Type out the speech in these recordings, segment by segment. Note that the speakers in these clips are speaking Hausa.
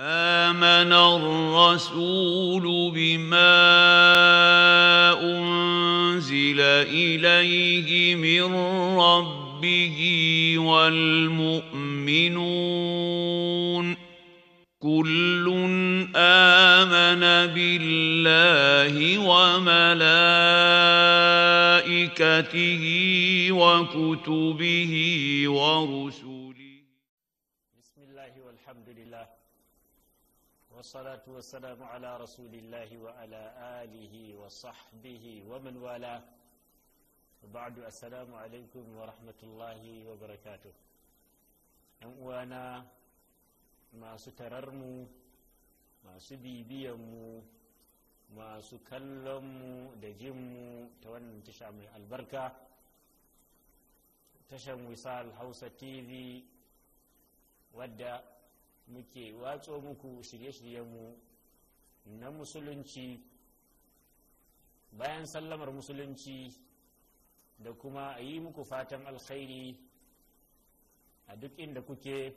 آمن الرسول بما أنزل إليه من ربه والمؤمنون كل آمن بالله وملائكته وكتبه ورسله والصلاة والسلام على رسول الله وعلى آله وصحبه ومن والاه بعد السلام عليكم ورحمة الله وبركاته أنا ما ستررمو ما سبيبيمو ما سكلمو دجمو تون تشامي البركة تشم وصال هوسة تيفي wadda muke watso muku shirye-shiryenmu na musulunci bayan sallamar musulunci da kuma a yi muku fatan alkhairi a duk inda kuke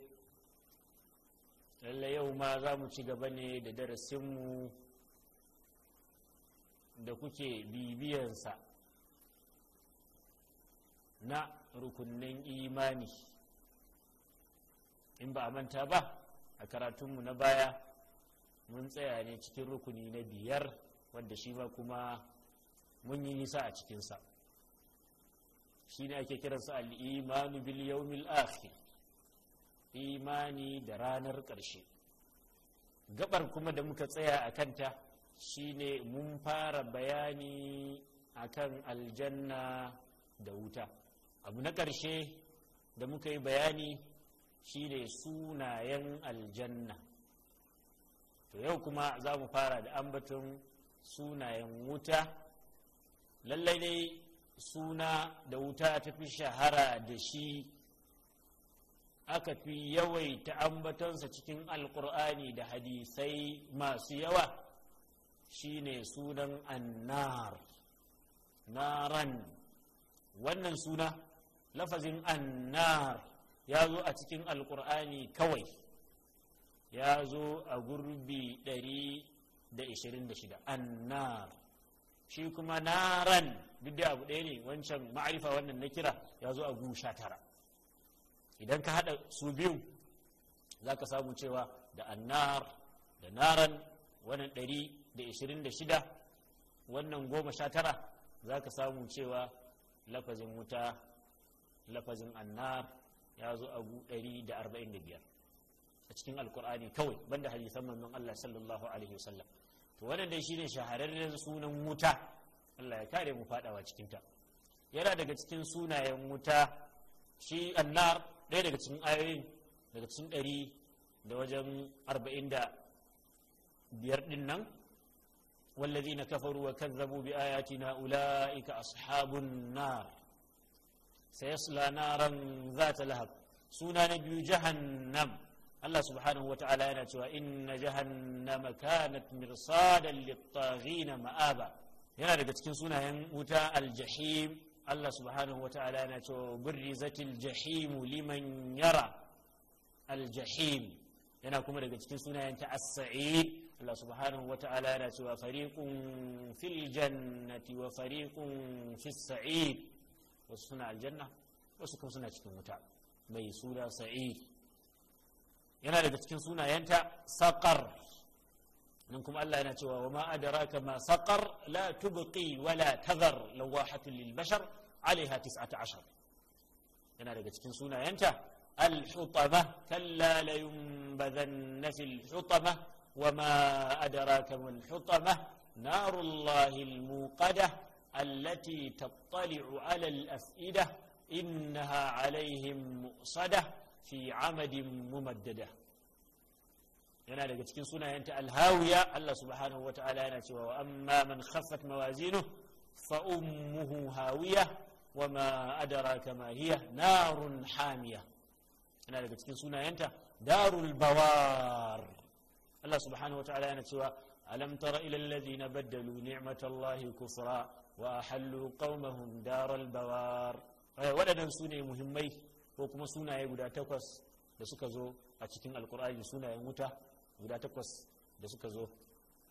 lalle yau ma za mu ci gaba ne da darasinmu da kuke bibiyansa na rukunin imani in ba a manta ba a karatunmu na baya mun tsaya ne cikin rukuni na biyar wanda shi ma kuma mun yi nisa a cikinsa shi ne ake kiransa al'imanu bil yawmil akhir imani da ranar ƙarshe gabar kuma da muka tsaya a kanta shi ne mun fara bayani a kan aljanna da wuta abu na ƙarshe da muka yi bayani Shi ne sunayen aljanna to yau kuma za mu fara da ambaton sunayen wuta lallai dai suna da wuta ta fi shahara da shi aka fi yawaita ambatonsa cikin alkur'ani da hadisai masu yawa Shi ne sunan annar naran wannan suna lafazin annar ya zo a cikin alkur'ani kawai ya zo a gurbi 126 annar shi kuma naran duk da abu ɗaya ne wancan ma'arifa wannan na kira ya zo a sha tara idan ka haɗa su biyu za ka samu cewa da annar da naran wannan 126 wannan goma sha tara za ka samu cewa lafazin wuta lafazin annar ya zo abu 145 a cikin alkur'ani kawai banda hadisan manzon Allah sallallahu alaihi wasallam to wannan dai shine shahararren sunan wuta Allah ya kare mu fadawa cikin ta yana daga cikin sunayen wuta shi annar ɗaya daga cikin ayoyin daga cikin ɗari da wajen arba'in da biyar ɗin nan wallazi na kafaru wa kazzabu bi ayatina ula'ika ashabun nar sayasla naran zata lahab suna na biyu jahannam Allah subhanahu wa ta'ala yana cewa inna jahannama kanat mirsadan littaghina ma'aba yana daga cikin sunayen wuta aljahim Allah subhanahu wa ta'ala yana cewa burrizatil jahimu liman yara aljahim yana kuma daga cikin sunayen ta as-sa'id Allah subhanahu wa ta'ala yana cewa fariqun fil jannati wa fariqun fis sa'id wasu suna aljanna wasu kuma suna cikin wuta mai suna sa'ir yana daga cikin sunayenta saƙar nan kuma Allah yana cewa wa ma adraka ma saqar la tubqi wa la tadhar lawahatun lil bashar alaiha 19 yana daga cikin sunayenta al-hutama kalla la yunbadanna fil hutama wa ma adraka ma al-hutama narullah التي تطلع على الأفئدة إنها عليهم مؤصدة في عمد ممددة yana daga cikin sunayenta alhawiya Allah subhanahu wata'ala yana cewa wa amma man khaffat mawazinu fa ummuhu hawiya wa ma adraka ma hiya narun hamiya yana daga cikin sunayenta darul bawar Allah subhanahu wata'ala yana cewa alam ila baddalu ni'matallahi kufra wa hallu qaumahum daral bawar eh, waɗannan su ne muhimmai ko kuma sunaye guda takwas da suka zo a cikin alkur'ani sunayen wuta guda takwas da suka zo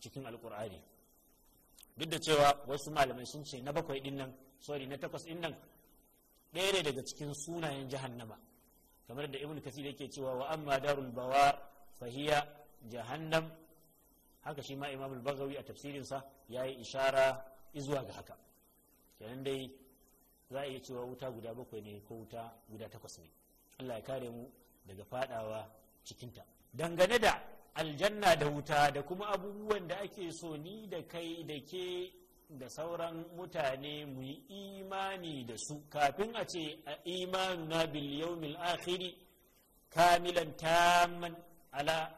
cikin alkur'ani duk da cewa wasu malamai sun ce na bakwai dinnan sorry na takwas dinnan nan daga cikin sunayen jahannama kamar da ibn kasir yake cewa wa amma darul bawar fahiya jahannam haka shi ma imamul al a tafsirinsa ya yi ishara izuwa ga haka kenan dai za a iya cewa wuta guda bakwai ne ko wuta guda takwas ne allah ya kare mu daga fadawa cikinta dangane da aljanna da wuta da kuma abubuwan da ake so ni da kai da ke da sauran mutane mu yi imani da su kafin a ce a imanuna na yawmil akhiri kamilan taman ala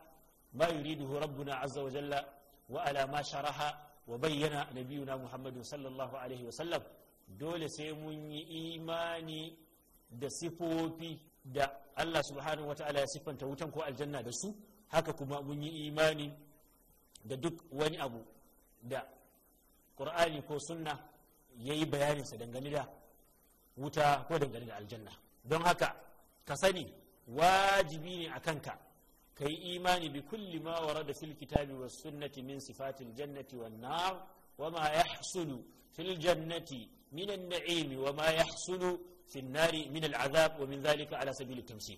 ma yuriduhu rabbuna azza wa jalla wa ala ma sharaha wa bayyana nabiyuna Muhammadu sallallahu alaihi wasallam dole sai mun yi imani da sifofi da Allah subhanahu wa ta'ala ya siffanta wutan ko aljanna da su haka kuma mun yi imani da duk wani abu da qur'ani ko sunna ya yi bayaninsa dangane da wuta ko dangane da aljanna don haka ka sani wajibi ne a kanka ka yi imani bi kulli ma warada fil kitabi was sunnati min sifatil jannati wan nar wa ma yahsulu fil jannati min an-na'im wa ma yahsulu fil nari min al-azab wa min zalika ala sabil tamsil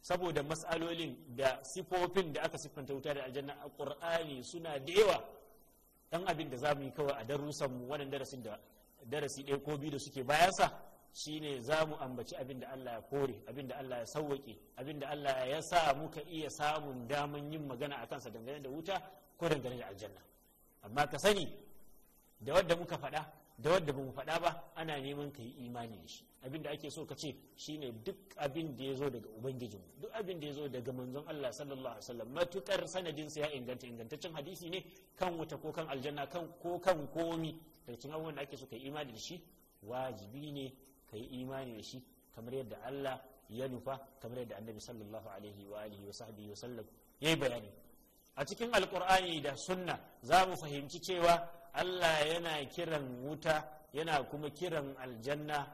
saboda mas'alolin da sifofin da aka siffanta wuta da aljanna a qur'ani suna da yawa dan abin da zamu yi kawai a darussan mu wannan darasin da darasi ɗaya ko biyu da suke bayansa shine za mu ambaci abin da Allah ya kore abin da Allah ya sauwaƙe abin da Allah ya sa muka iya samun daman yin magana a kansa dangane da wuta ko dangane da aljanna amma ka sani da wadda muka faɗa da wadda bamu faɗa ba ana neman ka yi imani da shi abin da ake so ka ce shine duk abin da ya zo daga ubangijinmu duk abin da ya zo daga manzon Allah sallallahu alaihi wasallam matukar sanadin sa ya inganta ingantaccen hadisi ne kan wuta ko kan aljanna kan ko kan komi da cikin abubuwan da ake so ka yi imani da shi wajibi ne ka yi imani da shi kamar yadda Allah ya nufa kamar yadda annabi sallallahu alaihi wa alihi wa sahbihi wa sallam ya yi bayani a cikin alkur'ani da sunna za mu fahimci cewa Allah yana kiran wuta yana kuma kiran aljanna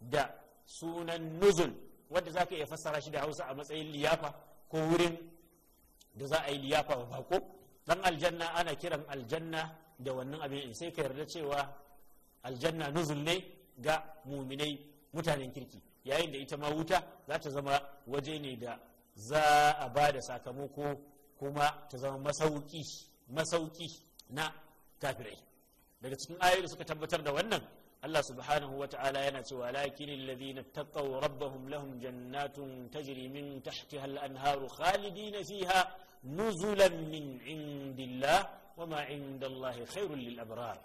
da sunan nuzul wanda za ka iya fassara shi da hausa a matsayin liyafa ko wurin da za a yi liyafa wa bako dan aljanna ana kiran aljanna da wannan abin sai ka yarda cewa aljanna nuzul ne ga muminai mutanen kirki yayin da ita ma wuta za ta zama waje ne da za a ba da sakamako kuma ta zama masauki masauki na kafirai daga cikin ayoyi da suka tabbatar da wannan Allah subhanahu wa ta'ala yana cewa lakin alladhina taqaw rabbahum lahum jannatun tajri min tahtiha al-anharu khalidin fiha nuzulan min indillah wama indallahi khairul lil abrar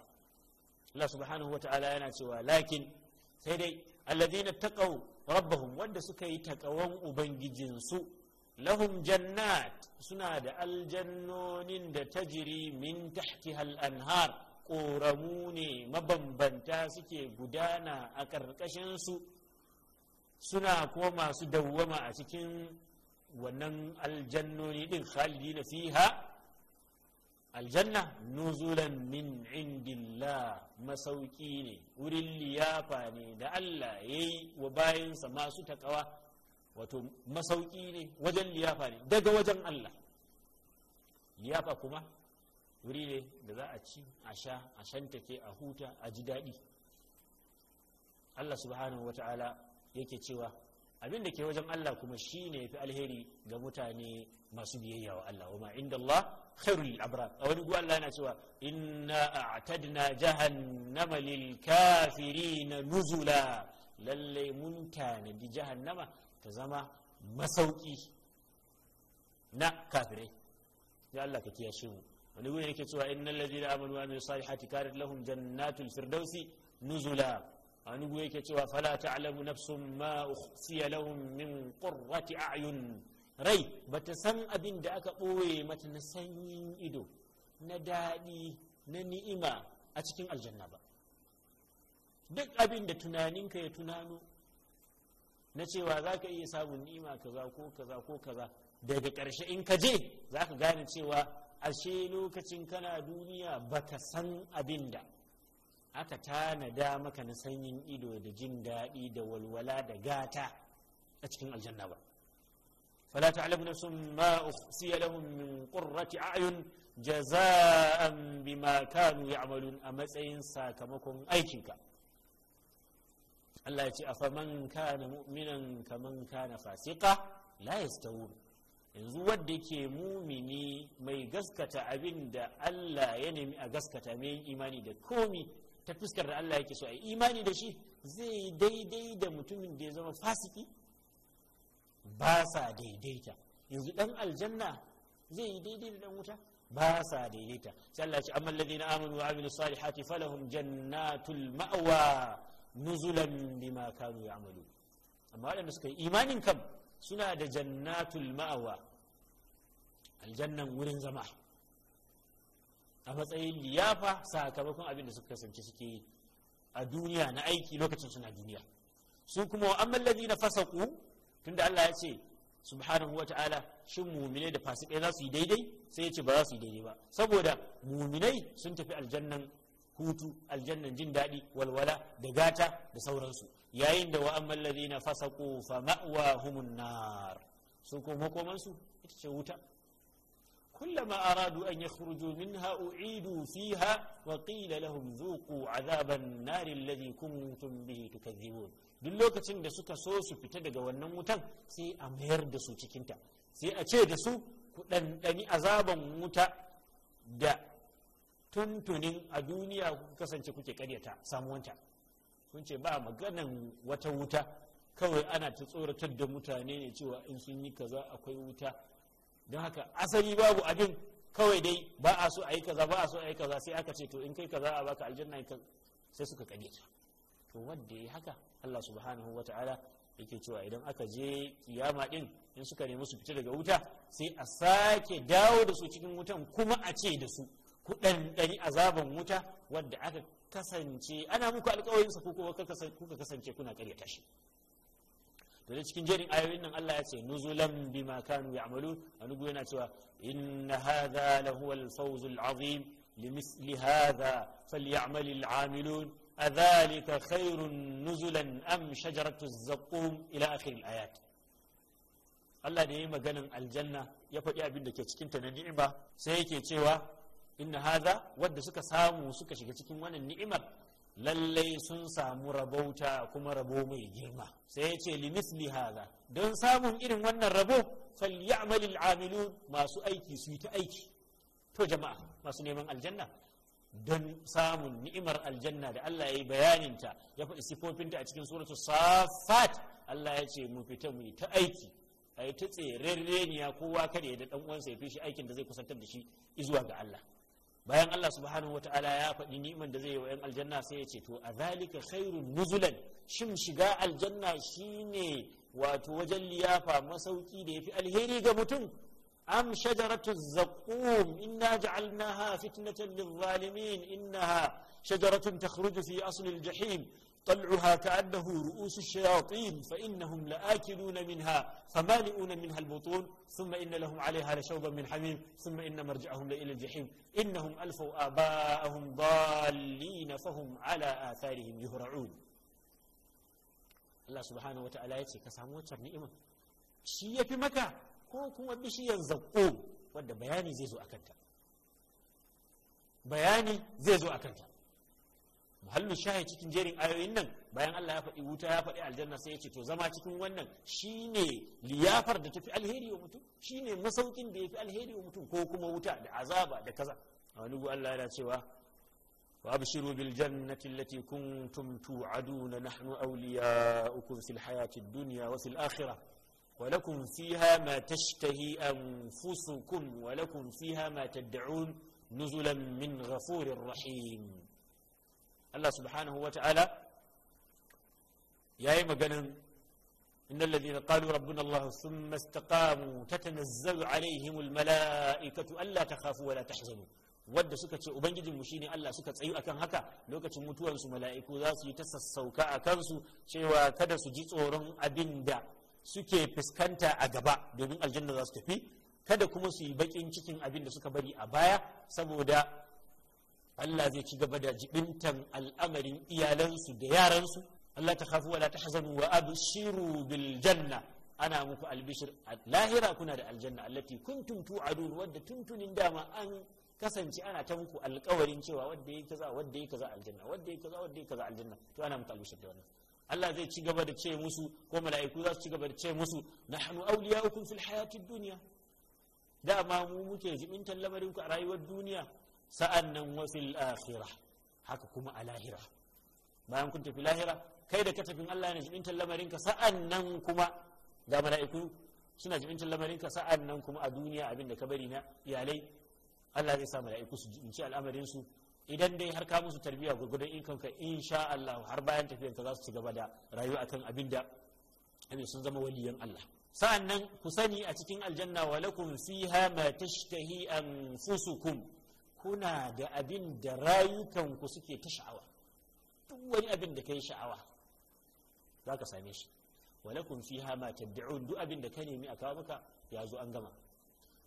Allah subhanahu wa ta'ala yana cewa lakin sai dai alladhina taqaw rabbahum wanda suka yi taqawan ubangijinsu lahum jannat suna da aljannonin da tajiri min tahtiha al-anhar ƙoramu ne mabambanta suke gudana a ƙarƙashinsu suna kuma masu dawwama a cikin wannan aljannoni ɗin khalidina fiha aljanna nuzulan min indillah masauki ne wurin liyafa ne da Allah ya yi wa bayansa masu takawa wato masauki ne wajen liyafa ne daga wajen Allah liyafa kuma wuri ne da za a ci a sha a shantake a huta a ji daɗi Allah subhanahu wata'ala yake cewa abin da ke wajen Allah kuma shi ne fi alheri ga mutane masu biyayya wa Allah wa ma inda Allah khairul lil a wani guwa Allah yana cewa inna a'tadna jahannama lil na nuzula lalle mun tanadi jahannama ta zama masauki na kafirai ya Allah ka kiyashe mu wani guwa yake cewa innal ladina amanu wa amilus salihati karar lahum jannatul firdausi nuzula wani guwa yake cewa fala ta'lamu nafsun ma ukhfiya lahum min qurrati a'yun rai bata san abin da aka ɓoye mata na sanyin ido na daɗi na ni'ima a cikin aljanna ba duk abin da tunaninka ya tunano na cewa za ka iya samun ni'ima kaza ko kaza ko kaza daga ƙarshe in ka je za ka gane cewa ashe lokacin kana duniya baka san abin da aka tanada maka na sanyin ido da jin daɗi da walwala da gata a cikin aljanna ba فلا تعلم نفس ما أخفي لهم من قرة أعين جزاء بما كانوا يعملون أما تسين ساكمكم أيكيكا Allah ya ce afaman kana mu'minan kaman kana fasika la yastawun yanzu wanda yake mumini mai gaskata abin da Allah ya nemi a gaskata mai imani da komi ta fuskar da Allah yake so a imani da shi zai daidai da mutumin da ya zama fasiki ba sa daidaita yanzu dan aljanna zai yi daidai da dan wuta ba sa daidaita sai Allah ya ce amman amanu wa amilu salihati falahum jannatul ma'wa nuzulan bima kanu ya'malu amma waɗanda suka yi imanin kam suna da jannatul ma'wa aljannan wurin zama a matsayin liyafa sakamakon abin da suka kasance suke a duniya na aiki lokacin suna duniya su kuma wa amman ladina ku? tunda Allah ya ce subhanahu wata'ala shin muminai da fasikai za su yi daidai sai ya ce ba za su yi daidai ba saboda muminai sun tafi aljannan hutu aljannan jin daɗi walwala da gata da sauransu yayin da wa'amman ladina fasa fa ma'wahumun nar su ko makomansu ita ce wuta كلما أرادوا أن يخرجوا منها أعيدوا فيها وقيل لهم ذوقوا عذاب النار الذي كنتم به تكذبون duk lokacin da suka so su fita daga wannan wutan sai a mayar da su cikinta sai a ce da su ku ɗanɗani azaban wuta da tuntunin a duniya ku kasance kuke karyata samuwanta kun ce ba maganan wata wuta kawai ana ta tsoratar da mutane ne cewa in sun yi kaza akwai wuta don haka asali babu abin kawai dai ba a so a yi kaza ba a so a yi kaza sai aka ce to in kai kaza a baka aljanna sai suka kage ta to wanda yi haka Allah subhanahu wataala yake cewa idan aka je kiyama din in suka nemi su fita daga wuta sai a sake dawo da su cikin wutan kuma a ce da su ku ɗanɗani azaban wuta wadda aka kasance ana muku alƙawarin sa ko kuma kuka kasance kuna ƙaryata shi to cikin jerin ayoyin nan Allah ya ce nuzulan bima kanu ya'malu anugu yana cewa inna hadha lahuwal fawzul azim لمثل هذا فليعمل العاملون أذلك nuzulan نزلا أم شجرة ila إلى آخر ayat. Allah da ya yi maganin aljanna ya faɗi abin da ke cikinta na ni'ima sai yake cewa inna haza wadda suka samu suka shiga cikin wannan ni'imar lallai sun samu rabauta kuma rabo mai girma sai ya ce limisli haza don samun irin wannan rabo falyamalil amilu masu aiki su yi ta aiki to jama'a masu neman aljanna don samun ni'imar aljanna da Allah ya yi bayaninta ya faɗi sifofinta a cikin suratul safat Allah ya ce mu fita mu yi ta aiki a yi ta tserereniya kowa kare da ɗan uwansa ya fi shi aikin da zai kusantar da shi izuwa ga Allah bayan Allah subhanahu wata'ala ya faɗi ni'imar da zai yi wa 'yan aljanna sai ya ce to a zalika khairun nuzulan shin shiga aljanna shine wato wajen liyafa masauki da yafi alheri ga mutum am shajaratu zaqqum inna ja'alnaha fitnatan lil zalimin innaha shajaratun takhruju fi asli al jahim طلعها كأنه رؤوس الشياطين فإنهم لآكلون منها فمالئون منها البطون ثم إن لهم عليها لشوبا من حميم ثم إن مرجعهم لإلى الجحيم إنهم ألفوا آباءهم ضالين فهم على آثارهم يهرعون الله سبحانه وتعالى يتي كسامو نئمة شيء في مكة كوكو بشيء زقوم ود بياني زيزو أكنت بياني زيزو أكنت muhallin shahid cikin jerin ayoyin nan bayan Allah ya faɗi wuta ya faɗi aljanna sai ya ce to zama cikin wannan shine liyafar da tafi alheri wa mutum shine masaukin da yafi alheri wa mutum ko kuma wuta da azaba da kaza a wani gu Allah yana cewa wa abshiru bil jannati allati kuntum tu'aduna nahnu awliya'ukum fil hayati dunya wa fil akhirah ولكم فيها ما تشتهي أنفسكم ولكم فيها ما تدعون نزلا من غفور رحيم Allah subhanahu wa ta'ala ya yi maganin إن الذين قالوا ربنا الله ثم استقاموا تتنزل عليهم الملائكة ألا تخافوا ولا تحزنوا suka ce ubangijinmu shine Allah suka tsayu akan haka lokacin mutuwarsu mala'iku za ta sassauka a kansu cewa kada su ji tsoron abin suke fuskanta a gaba domin aljanna za tafi kada kuma bakin cikin abin da suka bari a baya saboda Allah zai ci gaba da jibintan al'amarin iyalansu da yaransu Allah ta khafu wala ta tahzanu wa abshiru bil janna ana muku albishir lahira kuna da aljanna allati kuntum tu'adun wadda tuntunin dama an kasance ana ta muku alƙawarin cewa wadda yake kaza wadda yake kaza aljanna wadda yake kaza wadda yake kaza aljanna to ana muku albishir da wannan Allah zai ci gaba da ce musu ko mala'iku za su ci gaba da ce musu nahnu awliya'ukum fil hayatid dunya dama mu muke jibintan lamarin ku a rayuwar duniya sa'an nan wafil akhirah haka kuma a lahira bayan kun tafi lahira kai da ka tafin Allah ne jibintar lamarinka sa'an nan kuma ga mala'iku suna jibintar lamarinka sa'an nan kuma a duniya abin da ka bari na iyalai Allah zai sa mala'iku su jibinci al'amarin su idan dai har ka musu tarbiyya gurgudan ikonka insha Allah har bayan tafiyarka za su ci gaba da rayuwa akan abin da sun zama waliyan Allah sa'an nan ku sani a cikin aljanna wa lakum fiha ma tashtahi anfusukum kuna da abin da rayukanku suke ta sha'awa duk wani abin da kai sha'awa za ka same shi walakum fiha ma tabda'un duk abin da ka nemi a kawo maka ya zo an gama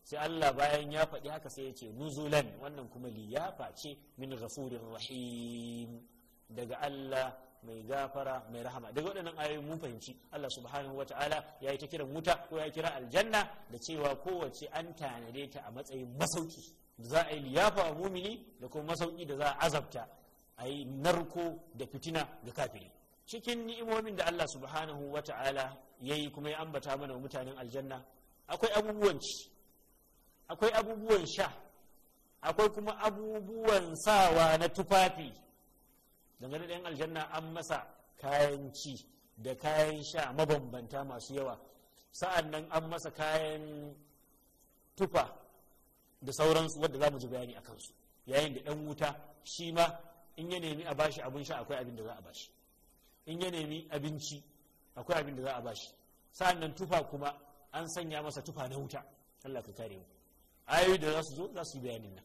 sai Allah bayan ya faɗi haka sai ya ce nuzulan wannan kuma liyafa ce min ghafurir rahim daga Allah mai gafara mai rahama daga waɗannan ayoyin mun fahimci Allah subhanahu wataala ya yi ta kiran wuta ko ya kira aljanna da cewa kowace an tanade ta a matsayin masauki da za a yi liyafa a mumini da kuma masauki da za a azabta a yi narko da fitina ga kafiri cikin ni'imomin da Allah subhanahu wa ta'ala ya yi kuma ya ambata mana wa mutanen aljanna akwai abubuwan ci akwai abubuwan sha akwai kuma abubuwan sawa na tufafi dangane da yan aljanna an masa kayan ci da kayan sha mabambanta masu yawa sa'an nan an masa kayan tufa da sauransu wadda za mu ji bayani a kansu yayin da ɗan wuta shi ma in ya nemi a bashi abin sha akwai abin da za a bashi in ya nemi abinci akwai abin da za a bashi sa'an nan tufa kuma an sanya masa tufa na wuta Allah ka kare mu ayoyi da za su zo za su yi bayanin nan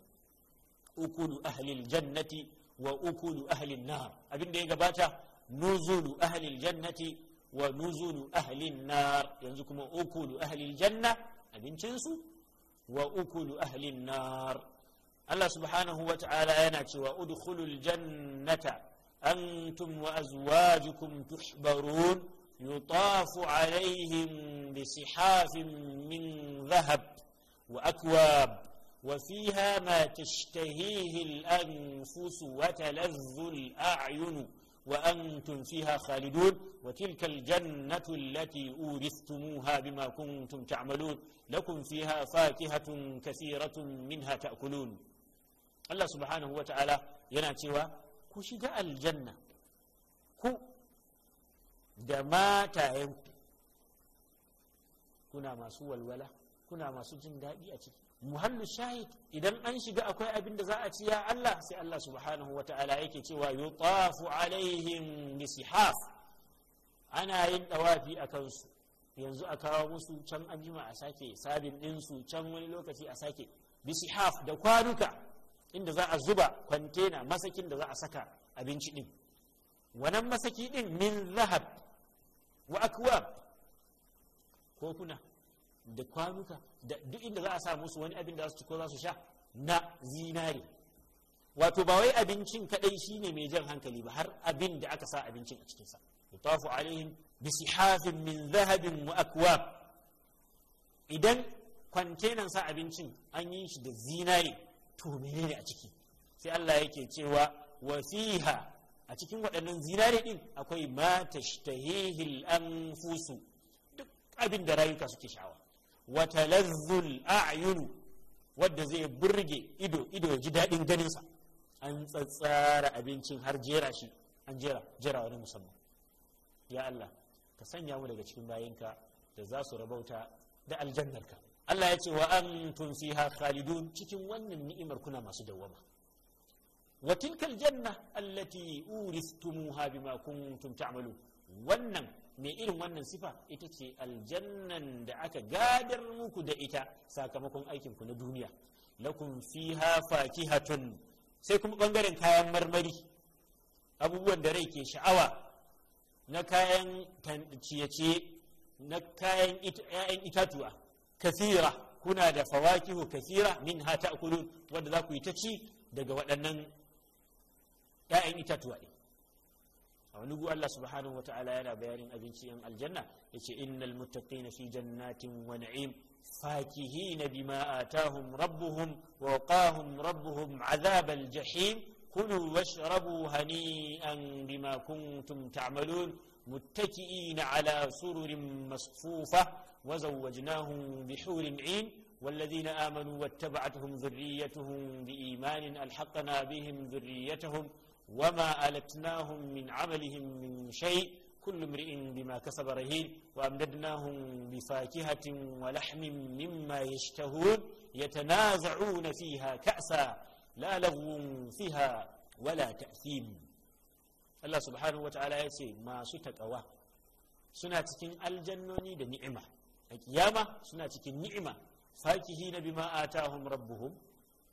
ukulu ahlil jannati wa ukulu ahlin nar abin da ya gabata nuzulu ahlil jannati wa nuzulu ahlin nar yanzu kuma ukulu ahlil janna abincinsu وأكل أهل النار الله سبحانه وتعالى يناتي وأدخلوا الجنة أنتم وأزواجكم تحبرون يطاف عليهم بصحاف من ذهب وأكواب وفيها ما تشتهيه الأنفس وتلذ الأعين وأنتم فيها خالدون وتلك الجنة التي أورثتموها بما كنتم تعملون لكم فيها فاكهة كثيرة منها تأكلون الله سبحانه وتعالى يناتيوا كشجاء الجنة كو دما تايم كنا ما سوى الولا كنا ما سجن دائئة أتكي muhallu shahid idan an shiga akwai abin da za a ci ya Allah sai Allah subhanahu wa ta'ala yake cewa yutafu alaihim bisihaf ana yin dawafi a kansu yanzu a kawo musu can anjima a sake sabin ɗinsu can wani lokaci a sake bisihaf da kwanuka inda za a zuba kwantena masakin da za a saka abinci ɗin wannan masaki ɗin min zahab wa akwab ko kuna da kwanuka da duk inda za a sa musu wani abin da za su ci ko za su sha na zinari. wato ba wai abincin kadai shine mai jan hankali ba har abin da aka sa abincin a cikinsa yutafu alaihim bisihafin min zahabin wa akwab idan kwantenan sa abincin an yi shi da zinari to menene a ciki sai Allah yake cewa wasiha a cikin waɗannan zinari din akwai ma tashtahihi al-anfusu duk abin da rayuka suke sha'awa watalazzul talazzul ayunu wadda zai burge ido ido ya ji daɗin ganinsa an tsatsara abincin har jera shi an jera jera wani musamman ya Allah ka sanya mu daga cikin bayinka da za su rabauta da aljannarka Allah ya ce wa antum fiha khalidun cikin wannan ni'imar kuna masu dawwama wa tilkal janna allati uristumuha bima kuntum ta'malu wannan mai irin wannan sifa ita ce aljannan da aka gadar muku da ita sakamakon aikin ku na duniya lakum fiha fakihatun sai kuma bangaren kayan marmari abubuwan da rai ke sha'awa na kayan ciyace na kayan ‘ya'yan itatuwa kasira kuna da fawakihu kasira min ha kulun wanda za ku yi ta ci daga waɗannan ‘ya'yan itatuwa ɗin ونقول الله سبحانه وتعالى يا بيان أبن شيئا الجنة إن المتقين في جنات ونعيم فاكهين بما آتاهم ربهم وقاهم ربهم عذاب الجحيم كلوا واشربوا هنيئا بما كنتم تعملون متكئين على سرر مصفوفة وزوجناهم بحور عين والذين آمنوا واتبعتهم ذريتهم بإيمان ألحقنا بهم ذريتهم wama alatnahum min amalihim min shay kullu mri'in bima kasaba rahin wa amdadnahum bi fakihatin wa lahmin mimma yashtahun yatanaza'una fiha ka'sa la fiha wala ta'thim Allah subhanahu wata'ala ya ce masu taƙawa suna cikin aljannoni da ni'ima a kiyama suna cikin ni'ima fakihi na bima atahum rabbuhum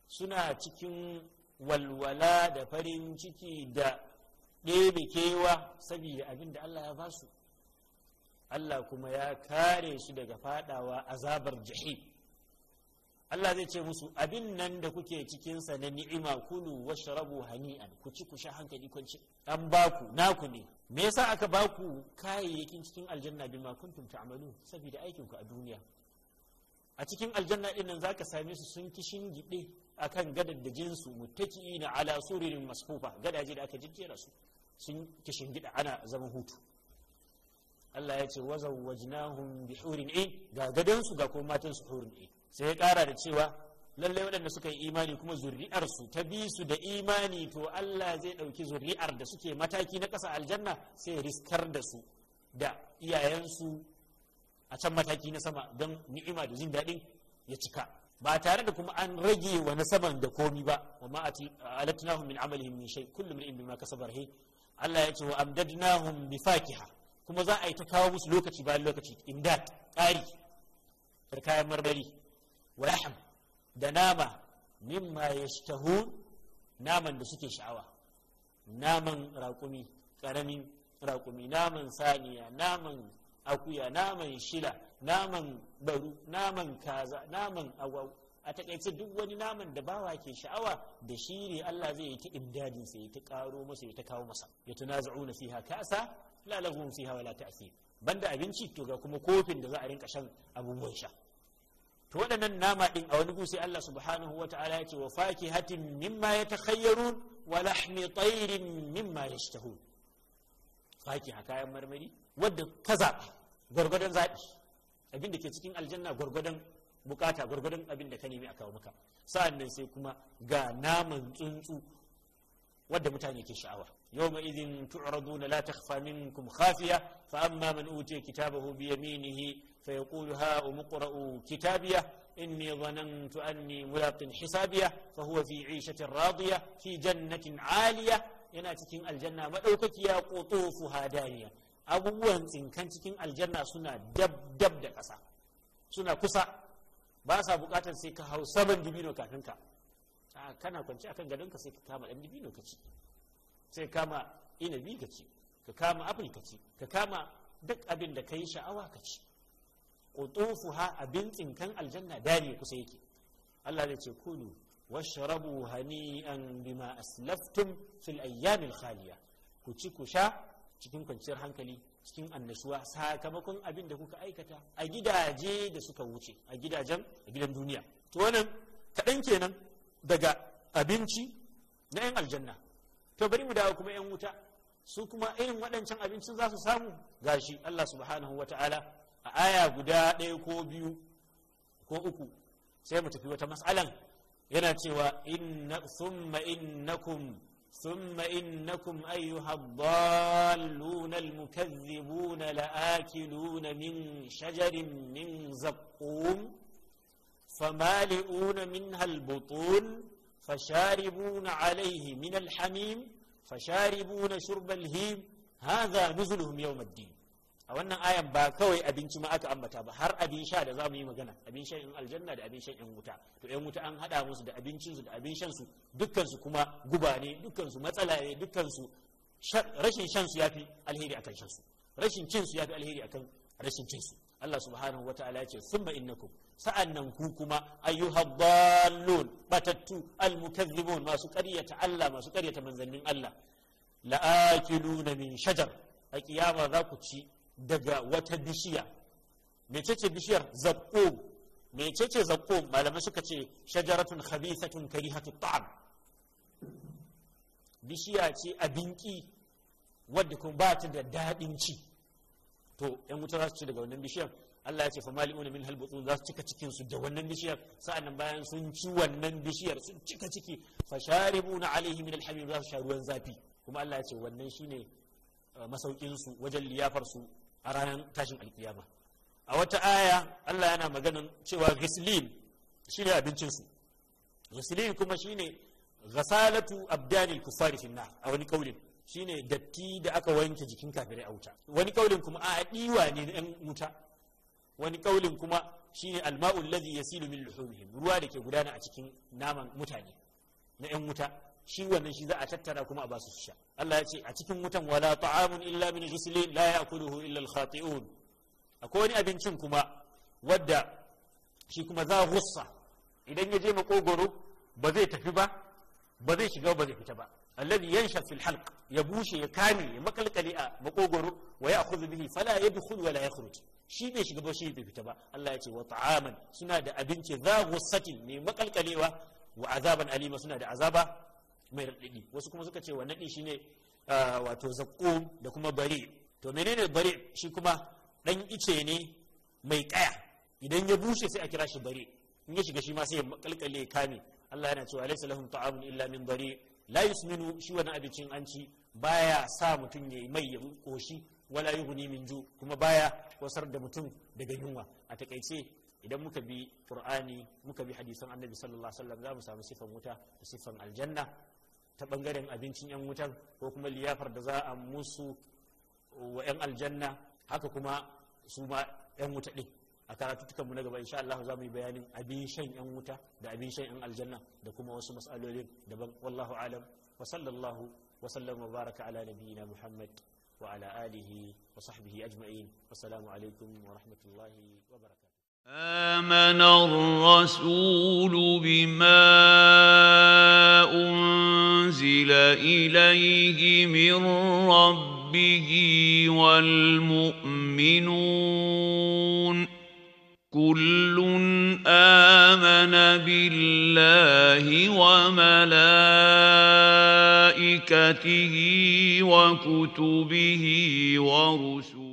suna cikin walwala da farin ciki da ɗebe kewa saboda abin da Allah ya ba su Allah kuma ya kare su daga fadawa azabar jahi Allah zai ce musu abin nan da kuke cikinsa na ni'ima kulu washrabu hani'an ku ci ku sha hankali kwanci an baku naku ne me yasa aka baku kayayyakin cikin aljanna ma kuntum ta'malu saboda aikin ku a duniya a cikin aljanna din nan zaka same su sun kishin gide akan gadar gadaddajin su muttaki'ina ala suririn masfufa gadaje da aka jejjera su sun kishin gida ana zaman hutu Allah ya ce wazan wajnahum bi hurin in ga gadan su ga ko matan su hurin in sai ya kara da cewa lallai waɗanda suka yi imani kuma zuri'ar su ta bi su da imani to Allah zai dauki zuri'ar da suke mataki na kasa aljanna sai riskar da su da iyayensu a can mataki na sama don ni'ima da jin daɗin ya cika ba tare da kuma an rage wa nasaban da komi ba wa ma alatnahum min amalihim min shay kullu min bima kasaba rahi Allah ya ce wa amdadnahum bi fakiha kuma za a yi ta kawo musu lokaci bayan lokaci imdad kari. da kayan marmari wa da nama mimma yashtahun naman da suke sha'awa naman raƙumi ƙaramin raƙumi naman saniya naman akuya naman shila naman baru naman kaza naman agwau a takaice duk wani naman da bawa ke sha'awa da shi ne Allah zai yi ta imdadin sai ta karo masa ya ta kawo masa ya tunaza'una fiha kasa la lahum fiha wala ta'sir banda abinci to ga kuma kofin da za a rinka shan abubuwan sha to waɗannan nama din a wani gusi Allah subhanahu wa ta'ala ya ce wa fakihatin mimma yatakhayyarun wa lahmi tayrin mimma yashtahun fakiha kayan marmari wadda ka gwargwadon zaɓi abin da ke cikin aljanna gwargwadon bukata gwargwadon abin da ka nemi a kawo maka sa'an nan sai kuma ga naman tsuntsu wadda mutane ke sha'awa yawma idin tu'raduna la takhfa minkum khafiya fa amma man utiya kitabahu bi yaminihi fa yaqulu ha umqra'u kitabiya inni dhanantu anni mulaqin hisabiya fa huwa fi 'ishatin radiya fi jannatin 'aliya yana cikin aljanna madaukakiya qutufu hadaniya abubuwan tsinkan cikin aljanna suna dab dab da ƙasa suna kusa ba sa buƙatar sai ka hau saman dibino kafin ka kana kwanci akan gadonka sai ka kama ɗan dibino ka ci sai kama inabi ka ci ka kama apple ka ci ka kama duk abin da ka yi sha'awa ka ci ha abin tsinkan aljanna dare kusa yake Allah ya ce kulu washrabu hani'an bima aslaftum fil ayyamil khaliya ku ci ku sha cikin kwanciyar hankali cikin annashuwa sakamakon abin da kuka aikata a gidaje da suka wuce a gidajen a gidan duniya to wannan kaɗan kenan daga abinci na 'yan aljanna to bari mu dawo kuma 'yan wuta su kuma irin waɗancan abincin za su samu gashi Allah subhanahu wa ta'ala a aya guda ɗaya ko biyu ko uku sai mu tafi wata matsalan. yana cewa inna thumma innakum ثم إنكم أيها الضالون المكذبون لآكلون من شجر من زقوم فمالئون منها البطون فشاربون عليه من الحميم فشاربون شرب الهيم هذا نزلهم يوم الدين a wannan ayan ba kawai abinci ma aka ambata ba har abin sha da za mu yi magana abin shan in aljanna da abin shan in wuta to yan wuta an hada musu da abincin su da abin shan su dukkan su kuma guba ne dukkan su matsala ne dukkan su rashin shan su yafi alheri akan shan su rashin cin su yafi alheri akan rashin cin su Allah subhanahu wata'ala ya ce summa innakum sa'annan ku kuma ayyuhad dallun batattu almukazzibun masu ƙaryata Allah masu ƙaryata manzannin Allah la'akiluna min shajar a kiyama za ku ci daga wata bishiya mecece bishiyar zaqqum mecece zaqqum malamai suka ce shajaratun khabithatun karihatu ta'am bishiya ce abinki wadda kuma ba ta da daɗin ci to yan wuta za su ci daga wannan bishiyar Allah ya ce fa mali'un min halbutun za su cika cikin su da wannan bishiyar sa'annan bayan sun ci wannan bishiyar sun cika ciki fa sharibuna alaihi min alhamim za su sha ruwan zafi kuma Allah ya ce wannan shine eh, masaukin su wajen liyafar su a ranar tashin alkiyama a wata aya Allah yana maganin cewa ghislin shine abincinsu ghislin kuma shi shine ghasalatu abdani kufari finna a wani kaulin ne datti da aka wanke jikin kafirai a wuta wani kaulin kuma a diwa ne na yan wuta wani kaulin kuma shi shine alma'ul ladhi yasilu min luhumihim ruwa da ke gudana a cikin naman mutane na yan wuta shi wannan shi za a tattara kuma a ba su sha Allah ya ce a cikin wutan wala ta'amun illa min ghislin la ya'kuluhu illa al-khati'un akwai wani abincin kuma wadda shi kuma za gussa idan ya je makogoro ba zai tafi ba ba zai shiga ba zai fita ba alladhi yansha fil halq ya bushe ya kame ya makalkale a makogoro wa ya'khudhu bihi fala yadkhul wa la yakhruj shi bai shiga ba shi bai fita ba Allah ya ce wa ta'aman suna da abinci za gussatin mai makalkalewa wa azaban alima suna da azaba mai raɗaɗi wasu kuma suka ce wa naɗi shine ah, wato zakkum da kuma bare to menene bare shi kuma ɗan ice ne mai ƙaya idan ya bushe sai a kira shi bare in ya shiga shi ma sai ya kalkale kame Allah yana cewa alaysa lahum ta'amun illa min bari la yusminu shi wannan abincin an ci baya sa mutum ya mai ya koshi wala yughni min ju kuma baya wasar da mutum daga yunwa a takaice idan muka bi qur'ani muka bi hadisan annabi sallallahu alaihi wasallam za mu samu sifan wuta da sifan aljanna ta bangaren abincin 'yan wutan ko kuma liyafar da za a musu wa 'yan aljanna haka kuma su ma 'yan wuta ɗin a karatutukan mu na gaba insha Allah za mu yi bayanin abin shan 'yan wuta da abin shan 'yan aljanna da kuma wasu mas'alolin daban wallahu alam wa sallallahu wa sallama wa baraka ala nabiyyina muhammad wa ala alihi wa sahbihi ajma'in wassalamu alaikum wa rahmatullahi wa barakatuh آمن الرسول بما أنزل أُنزِلَ إِلَيْهِ مِن رَّبِّهِ وَالْمُؤْمِنُونَ كُلٌّ آمَنَ بِاللَّهِ وَمَلَائِكَتِهِ وَكُتُبِهِ وَرُسُلِهِ